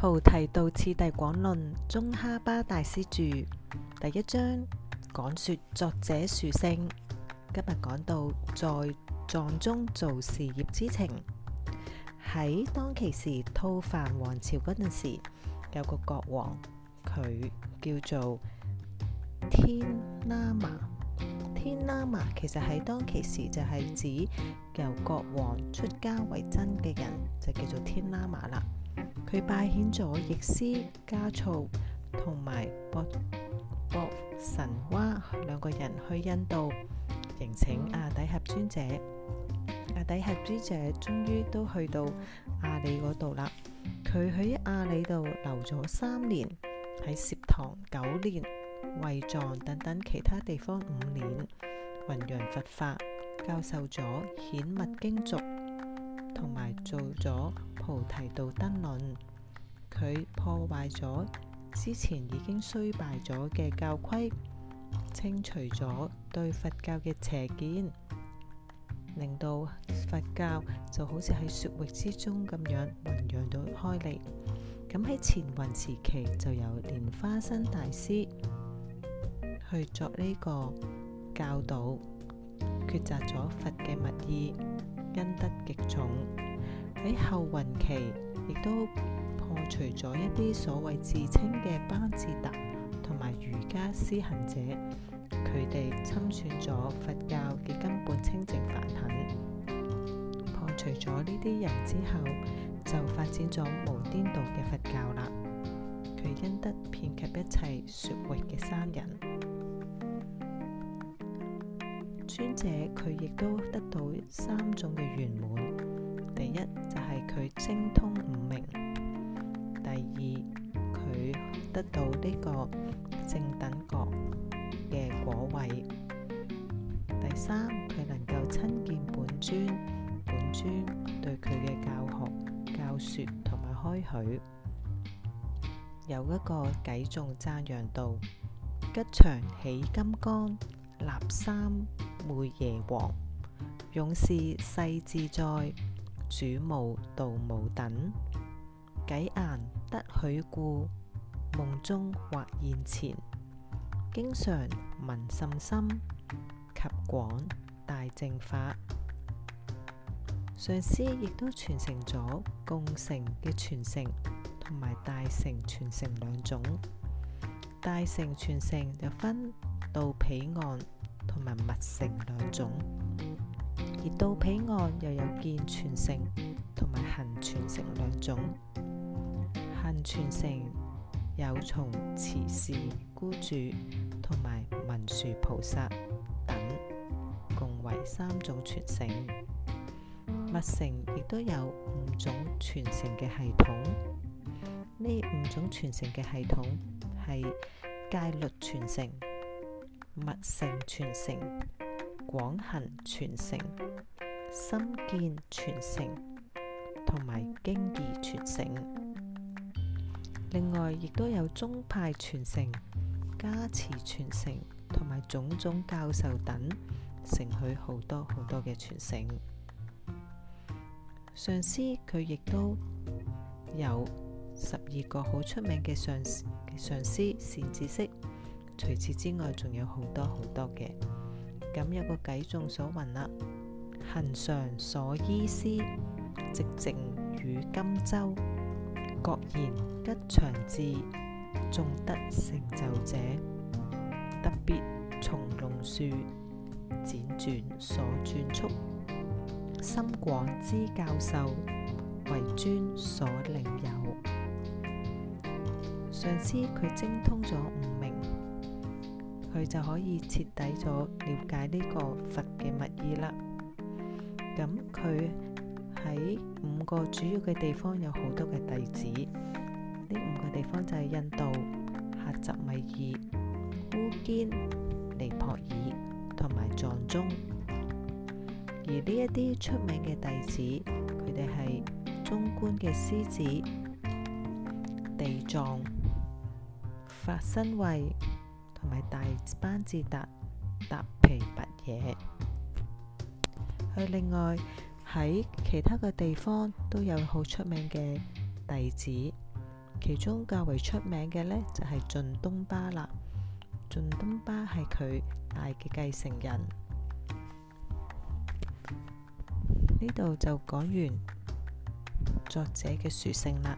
菩提道次第廣論，宗喀巴大師著。第一章講說作者殊勝。今日講到在藏中做事業之情。喺當其時吐蕃王朝嗰陣時，有個國王，佢叫做天喇嘛。天喇嘛其實喺當其時就係指由國王出家為僧嘅人，就叫做天喇嘛啦。佢拜遣咗易斯加措同埋博博神娃兩個人去印度迎請阿底峽尊者。阿底峽尊者終於都去到阿里嗰度啦。佢喺阿里度留咗三年，喺攝堂九年，衛藏等等其他地方五年，弘揚佛法，教授咗顯密經續。同埋做咗《菩提道燈論》，佢破壞咗之前已經衰敗咗嘅教規，清除咗對佛教嘅邪見，令到佛教就好似喺雪域之中咁樣醞釀到開嚟。咁喺前弘時期，就由蓮花生大師去作呢個教導，抉擇咗佛嘅密意。恩德極重，喺後弘期，亦都破除咗一啲所謂自稱嘅班智達同埋瑜伽修行者，佢哋侵佔咗佛教嘅根本清淨梵行。破除咗呢啲人之後，就發展咗無顛倒嘅佛教啦。佢恩德遍及一切雪域嘅僧人。尊者佢亦都得到三種嘅圓滿。第一就係、是、佢精通五明，第二佢得到呢個正等覺嘅果位，第三佢能夠親見本尊，本尊對佢嘅教學、教說同埋開許，有一個偈頌讚揚道：吉祥起金剛立三。梅耶王勇士世自在主母道母等，偈言得許故，夢中或現前。經常聞甚深及廣大正法。上師亦都傳承咗共成嘅傳承同埋大成傳承兩種，大成傳承又分道彼岸。同埋密乘兩種，而道彼岸又有見全乘同埋行全乘兩種。行全乘有從慈氏孤住同埋文殊菩薩等，共為三種全乘。密乘亦都有五種全乘嘅系統。呢五種全乘嘅系統係戒律全乘。密乘傳承、廣行傳承、心建傳承同埋經義傳承。另外，亦都有宗派傳承、加持傳承同埋種種教授等，承許好多好多嘅傳承。上師佢亦都有十二個好出名嘅上上師善知識。除此之外，仲有好多好多嘅。咁有個偈眾所聞啦，恒常所依師，寂靜與金洲，覺言吉祥智，眾德成就者，特別從龍樹輾轉所轉述，深廣之教授為尊所領有。上師佢精通咗五。佢就可以徹底咗了解呢個佛嘅密意啦。咁佢喺五個主要嘅地方有好多嘅弟子，呢五個地方就係印度、喀什米爾、烏堅、尼泊爾同埋藏中。而呢一啲出名嘅弟子，佢哋係中觀嘅獅子、地藏、法身位。同埋大班智達達皮拔野，佢另外喺其他嘅地方都有好出名嘅弟子，其中較為出名嘅呢就係、是、晉東巴啦，晉東巴係佢大嘅繼承人。呢度就講完作者嘅屬性啦。